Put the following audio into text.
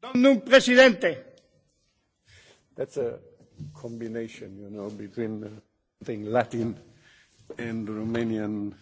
That's a combination, you know, between uh, Latin and Romanian